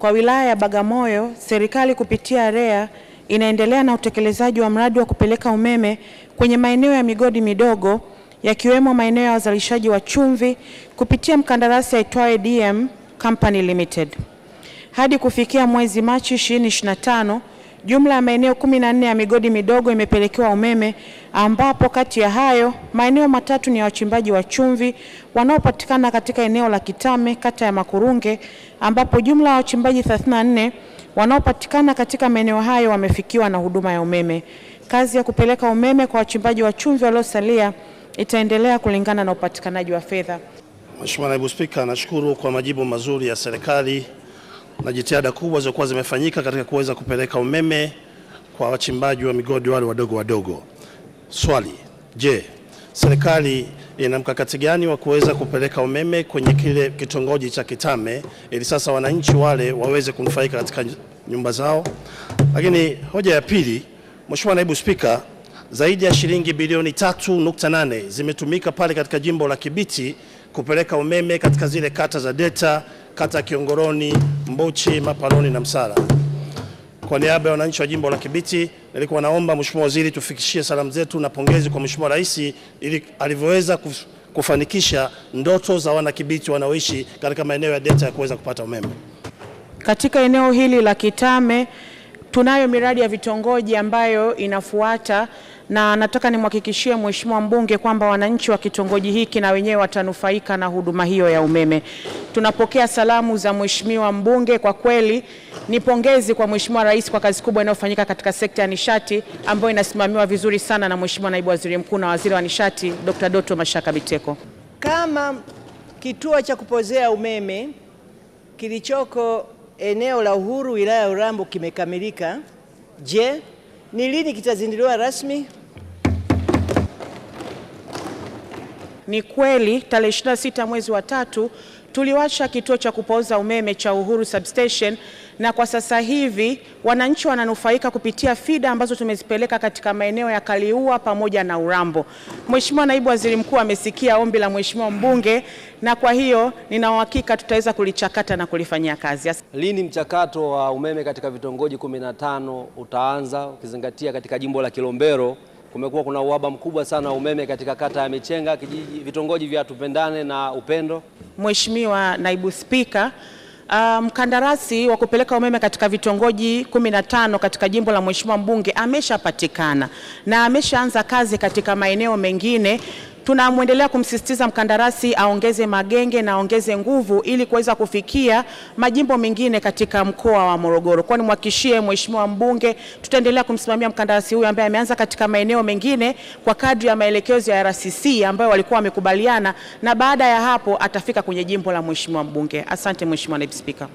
Kwa wilaya ya Bagamoyo, serikali kupitia REA inaendelea na utekelezaji wa mradi wa kupeleka umeme kwenye maeneo ya migodi midogo yakiwemo maeneo ya wazalishaji wa chumvi kupitia mkandarasi aitwaye DM Company Limited. Hadi kufikia mwezi Machi 2025 Jumla ya maeneo kumi na nne ya migodi midogo imepelekewa umeme ambapo kati ya hayo maeneo matatu ni ya wachimbaji wa chumvi wanaopatikana katika eneo la Kitame kata ya Makurunge ambapo jumla ya wachimbaji 34 wanaopatikana katika maeneo hayo wamefikiwa na huduma ya umeme. Kazi ya kupeleka umeme kwa wachimbaji wa chumvi waliosalia itaendelea kulingana na upatikanaji wa fedha. Mheshimiwa Naibu Spika, nashukuru kwa majibu mazuri ya serikali na jitihada kubwa zilizokuwa zimefanyika katika kuweza kupeleka umeme kwa wachimbaji wa migodi wale wadogo wadogo. Swali, je, serikali ina mkakati gani wa kuweza kupeleka umeme kwenye kile kitongoji cha Kitame ili sasa wananchi wale waweze kunufaika katika nyumba zao? Lakini hoja ya pili, Mheshimiwa Naibu Spika, zaidi ya shilingi bilioni 3.8 zimetumika pale katika jimbo la Kibiti kupeleka umeme katika zile kata za delta kata Kiongoroni, Mbuchi, Mapanoni na Msara. Kwa niaba ya wananchi wa jimbo la Kibiti, nilikuwa naomba Mheshimiwa Waziri tufikishie salamu zetu na pongezi kwa Mheshimiwa Rais ili alivyoweza kuf, kufanikisha ndoto za wana Kibiti wanaoishi katika maeneo ya delta ya kuweza kupata umeme. Katika eneo hili la Kitame tunayo miradi ya vitongoji ambayo inafuata na nataka nimhakikishie Mheshimiwa mbunge kwamba wananchi wa kitongoji hiki na wenyewe watanufaika na huduma hiyo ya umeme. Tunapokea salamu za Mheshimiwa mbunge. Kwa kweli ni pongezi kwa Mheshimiwa Rais kwa kazi kubwa inayofanyika katika sekta ya nishati ambayo inasimamiwa vizuri sana na Mheshimiwa Naibu Waziri Mkuu na Waziri wa Nishati Dr. Doto Mashaka Biteko. Kama kituo cha kupozea umeme kilichoko eneo la Uhuru wilaya ya Urambo kimekamilika, je, ni lini kitazinduliwa rasmi? Ni kweli tarehe 26 mwezi wa tatu tuliwasha kituo cha kupoza umeme cha Uhuru Substation, na kwa sasa hivi wananchi wananufaika kupitia fida ambazo tumezipeleka katika maeneo ya Kaliua pamoja na Urambo. Mheshimiwa Naibu Waziri Mkuu amesikia ombi la Mheshimiwa mbunge, na kwa hiyo nina uhakika tutaweza kulichakata na kulifanyia kazi. Lini mchakato wa umeme katika vitongoji 15 utaanza ukizingatia katika jimbo la Kilombero kumekuwa kuna uhaba mkubwa sana wa umeme katika kata ya Michenga, kijiji vitongoji vya Tupendane na Upendo. Mheshimiwa Naibu Spika, um, mkandarasi um, wa kupeleka umeme katika vitongoji 15 katika jimbo la Mheshimiwa mbunge ameshapatikana na ameshaanza kazi katika maeneo mengine tunamwendelea kumsisitiza mkandarasi aongeze magenge na aongeze nguvu ili kuweza kufikia majimbo mengine katika mkoa wa Morogoro. Kwa nimhakikishie mheshimiwa mbunge, tutaendelea kumsimamia mkandarasi huyu ambaye ameanza katika maeneo mengine kwa kadri ya maelekezo ya RCC ambayo walikuwa wamekubaliana, na baada ya hapo atafika kwenye jimbo la mheshimiwa mbunge. Asante mheshimiwa naibu spika.